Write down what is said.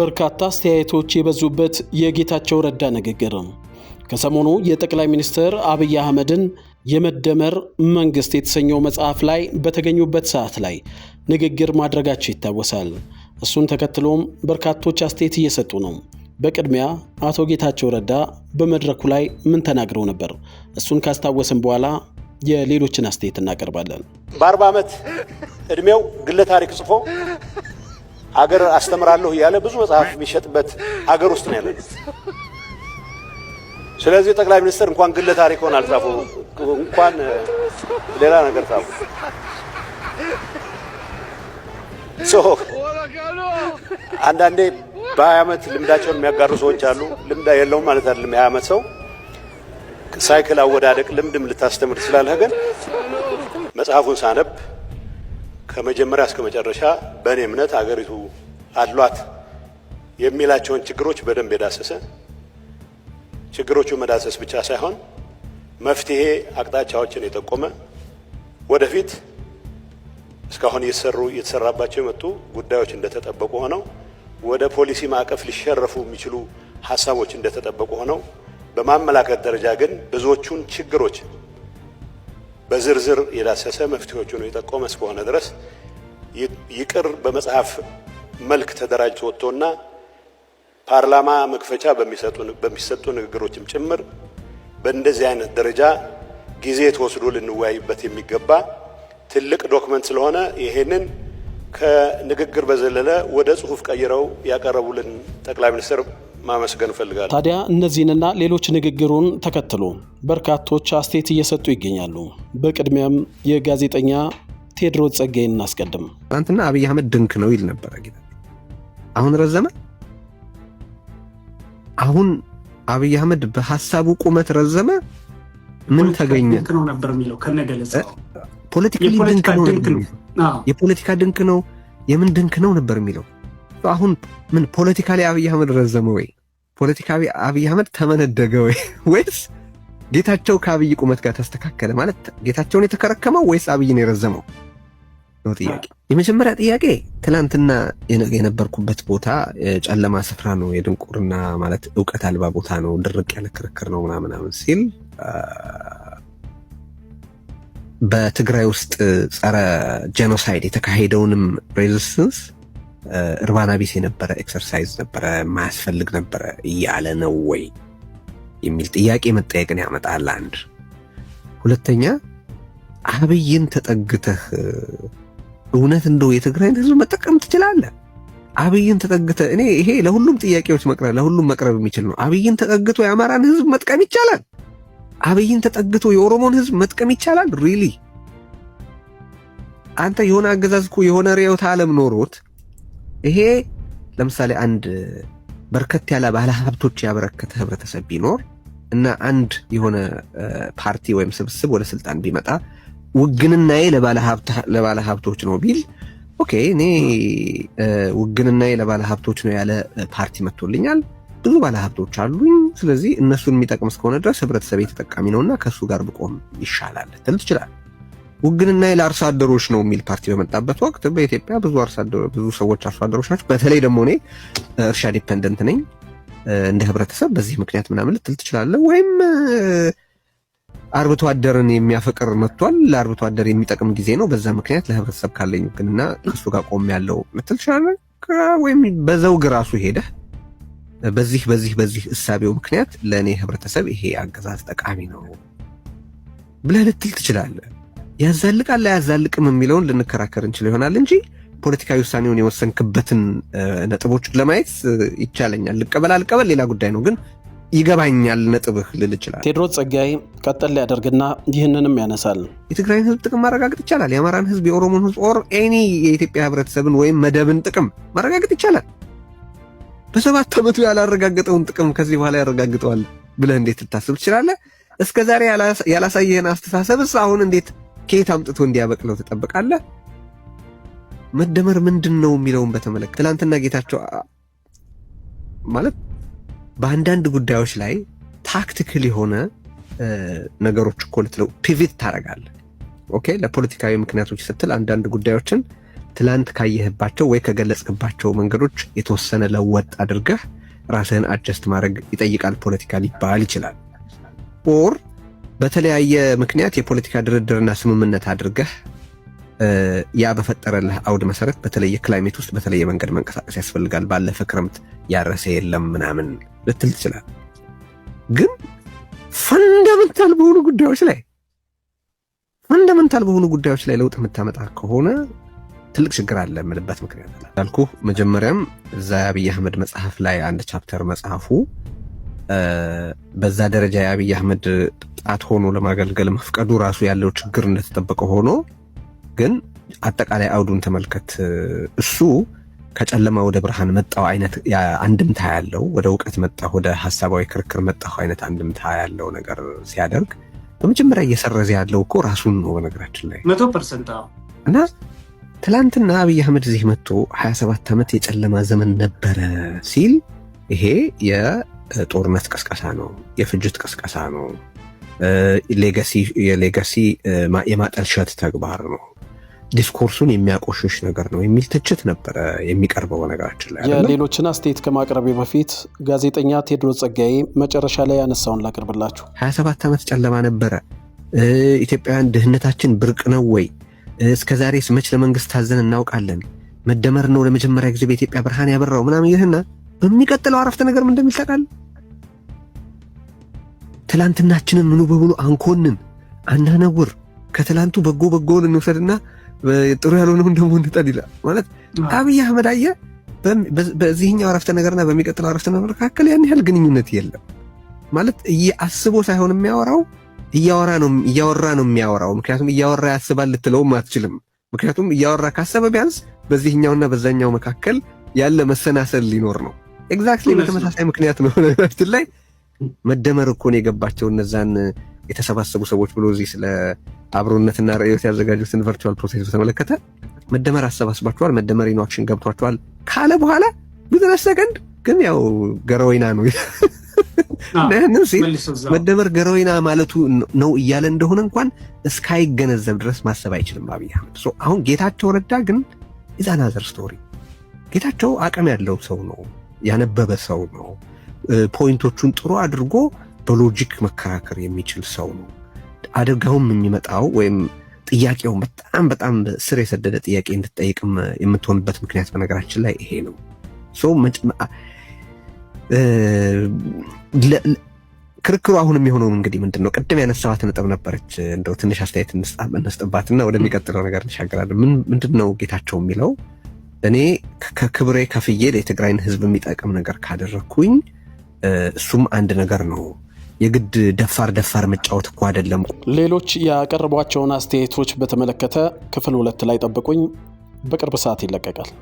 በርካታ አስተያየቶች የበዙበት የጌታቸው ረዳ ንግግር ከሰሞኑ የጠቅላይ ሚኒስትር አብይ አህመድን የመደመር መንግስት የተሰኘው መጽሐፍ ላይ በተገኙበት ሰዓት ላይ ንግግር ማድረጋቸው ይታወሳል። እሱን ተከትሎም በርካቶች አስተያየት እየሰጡ ነው። በቅድሚያ አቶ ጌታቸው ረዳ በመድረኩ ላይ ምን ተናግረው ነበር? እሱን ካስታወስን በኋላ የሌሎችን አስተያየት እናቀርባለን። በአርባ ዓመት ዕድሜው ግለ ታሪክ ጽፎ አገር አስተምራለሁ እያለ ብዙ መጽሐፍ የሚሸጥበት አገር ውስጥ ነው ያለው። ስለዚህ ጠቅላይ ሚኒስትር እንኳን ግለ ታሪኮን አልጻፉ፣ እንኳን ሌላ ነገር ጻፉ። አንዳንዴ በሀያ ዓመት ልምዳቸውን የሚያጋሩ ሰዎች አሉ። ልምድ የለውም ማለት አይደለም። የሀያ ዓመት ሰው ሳይክል አወዳደቅ ልምድም ልታስተምር ትችላለህ። ግን መጽሐፉን ሳነብ ከመጀመሪያ እስከ መጨረሻ በእኔ እምነት አገሪቱ አሏት የሚላቸውን ችግሮች በደንብ የዳሰሰ ችግሮቹ መዳሰስ ብቻ ሳይሆን መፍትሄ አቅጣጫዎችን የጠቆመ ወደፊት እስካሁን እየሰሩ እየተሰራባቸው የመጡ ጉዳዮች እንደተጠበቁ ሆነው ወደ ፖሊሲ ማዕቀፍ ሊሸረፉ የሚችሉ ሀሳቦች እንደተጠበቁ ሆነው በማመላከት ደረጃ ግን ብዙዎቹን ችግሮች በዝርዝር የዳሰሰ መፍትሄዎቹን የጠቆመ እስከሆነ ድረስ ይቅር በመጽሐፍ መልክ ተደራጅቶ ወጥቶና ፓርላማ መክፈቻ በሚሰጡ ንግግሮችም ጭምር በእንደዚህ አይነት ደረጃ ጊዜ ተወስዶ ልንወያይበት የሚገባ ትልቅ ዶክመንት ስለሆነ ይሄንን ከንግግር በዘለለ ወደ ጽሁፍ ቀይረው ያቀረቡልን ጠቅላይ ሚኒስትር ማመስገን እፈልጋለሁ። ታዲያ እነዚህንና ሌሎች ንግግሩን ተከትሎ በርካቶች አስተያየት እየሰጡ ይገኛሉ። በቅድሚያም የጋዜጠኛ ቴዎድሮስ ጸጋዬን እናስቀድም። ትናንትና አብይ አህመድ ድንክ ነው ይል ነበር። አሁን ረዘመ። አሁን አብይ አህመድ በሀሳቡ ቁመት ረዘመ። ምን ተገኘ? ፖለቲካ ድንክ ነው የፖለቲካ ድንክ ነው የምን ድንክ ነው ነበር የሚለው። አሁን ምን ላይ አብይ አህመድ ረዘመ ወይ? ፖለቲካዊ አብይ አህመድ ተመነደገ ወይ? ወይስ ጌታቸው ከአብይ ቁመት ጋር ተስተካከለ ማለት ጌታቸውን የተከረከመው ወይስ አብይን የረዘመው ነው ጥያቄ። የመጀመሪያ ጥያቄ ትናንትና የነበርኩበት ቦታ ጨለማ ስፍራ ነው፣ የድንቁርና ማለት እውቀት አልባ ቦታ ነው፣ ድርቅ ያለ ክርክር ነው ምናምናምን ሲል በትግራይ ውስጥ ጸረ ጄኖሳይድ የተካሄደውንም ሬዚስተንስ እርባና ቢስ የነበረ ኤክሰርሳይዝ ነበረ፣ ማያስፈልግ ነበረ እያለ ነው ወይ የሚል ጥያቄ መጠየቅን ያመጣል። አንድ ሁለተኛ አብይን ተጠግተህ እውነት እንደው የትግራይን ህዝብ መጠቀም ትችላለህ? አብይን ተጠግተ እኔ ይሄ ለሁሉም ጥያቄዎች መቅረብ ለሁሉም መቅረብ የሚችል ነው። አብይን ተጠግቶ የአማራን ህዝብ መጥቀም ይቻላል? አብይን ተጠግቶ የኦሮሞን ህዝብ መጥቀም ይቻላል? ሪሊ አንተ የሆነ አገዛዝ እኮ የሆነ ርዕዮተ ዓለም ኖሮት ይሄ ለምሳሌ አንድ በርከት ያለ ባለ ሀብቶች ያበረከተ ህብረተሰብ ቢኖር እና አንድ የሆነ ፓርቲ ወይም ስብስብ ወደ ስልጣን ቢመጣ ውግንናዬ ለባለ ሀብቶች ነው ቢል ኦኬ፣ እኔ ውግንናዬ ለባለ ሀብቶች ነው ያለ ፓርቲ መጥቶልኛል፣ ብዙ ባለ ሀብቶች አሉኝ፣ ስለዚህ እነሱን የሚጠቅም እስከሆነ ድረስ ህብረተሰብ ተጠቃሚ ነውና ከእሱ ጋር ብቆም ይሻላል ትል ትችላል። ውግንናዬ ለአርሶ አደሮች ነው የሚል ፓርቲ በመጣበት ወቅት በኢትዮጵያ ብዙ ሰዎች አርሶ አደሮች ናቸው። በተለይ ደግሞ እኔ እርሻ ዲፐንደንት ነኝ። እንደ ህብረተሰብ በዚህ ምክንያት ምናምን ልትል ትችላለህ። ወይም አርብቶ አደርን የሚያፈቅር መጥቷል፣ ለአርብቶ አደር የሚጠቅም ጊዜ ነው፣ በዛ ምክንያት ለህብረተሰብ ካለኝ ግንና ከሱ ጋር ቆም ያለው ልትል ትችላለህ። ወይም በዘውግ ራሱ ሄደህ በዚህ በዚህ በዚህ እሳቤው ምክንያት ለእኔ ህብረተሰብ ይሄ አገዛዝ ጠቃሚ ነው ብለህ ልትል ትችላለህ። ያዛልቃል ላያዛልቅም የሚለውን ልንከራከር እንችል ይሆናል እንጂ ፖለቲካዊ ውሳኔውን የወሰንክበትን ነጥቦች ለማየት ይቻለኛል። ልቀበል አልቀበል ሌላ ጉዳይ ነው፣ ግን ይገባኛል ነጥብህ ልል ይችላል። ቴዎድሮስ ጸጋይ ቀጠል ሊያደርግና ይህንንም ያነሳል። የትግራይን ህዝብ ጥቅም ማረጋገጥ ይቻላል። የአማራን ህዝብ የኦሮሞን ህዝብ ኦር ኤኒ የኢትዮጵያ ህብረተሰብን ወይም መደብን ጥቅም ማረጋገጥ ይቻላል። በሰባት ዓመቱ ያላረጋገጠውን ጥቅም ከዚህ በኋላ ያረጋግጠዋል ብለህ እንዴት ልታስብ ትችላለህ? እስከዛሬ ያላሳየህን አስተሳሰብስ አሁን እንዴት ከየት አምጥቶ እንዲያበቅለው ትጠብቃለህ? መደመር ምንድን ነው የሚለውን በተመለከተ ትላንትና ጌታቸው ማለት በአንዳንድ ጉዳዮች ላይ ታክቲክል የሆነ ነገሮች እኮ ልትለው ፒቪት ታደርጋለህ። ኦኬ ለፖለቲካዊ ምክንያቶች ስትል አንዳንድ ጉዳዮችን ትላንት ካየህባቸው ወይ ከገለጽክባቸው መንገዶች የተወሰነ ለወጥ አድርገህ ራስህን አጀስት ማድረግ ይጠይቃል። ፖለቲካ ሊባል ይችላል። ኦር በተለያየ ምክንያት የፖለቲካ ድርድርና ስምምነት አድርገህ ያ በፈጠረልህ አውድ መሰረት በተለየ ክላይሜት ውስጥ በተለየ መንገድ መንቀሳቀስ ያስፈልጋል። ባለፈ ክረምት ያረሰ የለም ምናምን ልትል ትችላል። ግን ፈንዳመንታል በሆኑ ጉዳዮች ላይ ፈንዳመንታል በሆኑ ጉዳዮች ላይ ለውጥ የምታመጣ ከሆነ ትልቅ ችግር አለ የምልበት ምክንያት ላልኩ መጀመሪያም እዛ የአብይ አህመድ መጽሐፍ ላይ አንድ ቻፕተር መጽሐፉ በዛ ደረጃ የአብይ አህመድ ጣት ሆኖ ለማገልገል መፍቀዱ ራሱ ያለው ችግር እንደተጠበቀ ሆኖ ግን አጠቃላይ አውዱን ተመልከት። እሱ ከጨለማ ወደ ብርሃን መጣሁ አይነት አንድምታ ያለው ወደ እውቀት መጣሁ ወደ ሀሳባዊ ክርክር መጣሁ አይነት አንድምታ ያለው ነገር ሲያደርግ በመጀመሪያ እየሰረዘ ያለው እኮ ራሱን ነው። በነገራችን ላይ መቶ ፐርሰንት እና ትላንትና አብይ አህመድ እዚህ መጥቶ 27 ዓመት የጨለማ ዘመን ነበረ ሲል ይሄ የጦርነት ቀስቀሳ ነው፣ የፍጅት ቀስቀሳ ነው፣ የሌጋሲ የማጠልሸት ተግባር ነው ዲስኮርሱን የሚያቆሽሽ ነገር ነው የሚል ትችት ነበረ የሚቀርበው። ነገራችን ላይ የሌሎችን አስተያየት ከማቅረቤ በፊት ጋዜጠኛ ቴዎድሮስ ጸጋዬ መጨረሻ ላይ ያነሳውን ላቅርብላችሁ። 27 ዓመት ጨለማ ነበረ። ኢትዮጵያውያን ድህነታችን ብርቅ ነው ወይ? እስከ ዛሬስ መች ለመንግስት ታዘን እናውቃለን? መደመር ነው ለመጀመሪያ ጊዜ በኢትዮጵያ ብርሃን ያበራው ምናምን ይህና በሚቀጥለው አረፍተ ነገር ምን እንደሚል ትላንትናችንን ምኑ በሙሉ አንኮንን አናነውር። ከትላንቱ በጎ በጎውን እንውሰድና ጥሩ ያልሆነውን ደግሞ እንጠል ይላል። ማለት አብይ አህመድ አየ በዚህኛው አረፍተ ነገርና በሚቀጥለው አረፍተ ነገር መካከል ያን ያህል ግንኙነት የለም። ማለት አስቦ ሳይሆን የሚያወራው እያወራ ነው እያወራ ነው የሚያወራው። ምክንያቱም እያወራ ያስባል ልትለውም አትችልም። ምክንያቱም እያወራ ካሰበ ቢያንስ በዚህኛውና በዛኛው መካከል ያለ መሰናሰል ሊኖር ነው። ኤግዛክትሊ በተመሳሳይ ምክንያት ነው ነገራችን ላይ መደመር እኮ የገባቸው እነዛን የተሰባሰቡ ሰዎች ብሎ እዚህ ስለ አብሮነትና ርዕዮት ያዘጋጁትን ቨርቹዋል ፕሮሴስ በተመለከተ መደመር አሰባስባችኋል፣ መደመር ኢኖአክሽን ገብቷችኋል ካለ በኋላ ቢዝነስ ሰከንድ ግን ያው ገረወይና ነው ለህንም ሲል መደመር ገረወይና ማለቱ ነው እያለ እንደሆነ እንኳን እስካይገነዘብ ድረስ ማሰብ አይችልም አብይ አህመድ። አሁን ጌታቸው ረዳ ግን ኢዛናዘር ስቶሪ ጌታቸው አቅም ያለው ሰው ነው፣ ያነበበ ሰው ነው። ፖይንቶቹን ጥሩ አድርጎ በሎጂክ መከራከር የሚችል ሰው ነው። አደጋውም የሚመጣው ወይም ጥያቄው በጣም በጣም ስር የሰደደ ጥያቄ እንድትጠይቅም የምትሆንበት ምክንያት በነገራችን ላይ ይሄ ነው። ክርክሩ አሁንም የሆነው እንግዲህ ምንድን ነው ቅድም ያነሳኋት ነጥብ ነበረች። እንደው ትንሽ አስተያየት እንስጥባትና ወደሚቀጥለው ነገር እንሻገራለን። ምንድን ነው ጌታቸው የሚለው እኔ ከክብሬ ከፍዬ የትግራይን ሕዝብ የሚጠቅም ነገር ካደረግኩኝ እሱም አንድ ነገር ነው። የግድ ደፋር ደፋር መጫወት እኮ አይደለም። ሌሎች ያቀረቧቸውን አስተያየቶች በተመለከተ ክፍል ሁለት ላይ ጠብቁኝ። በቅርብ ሰዓት ይለቀቃል።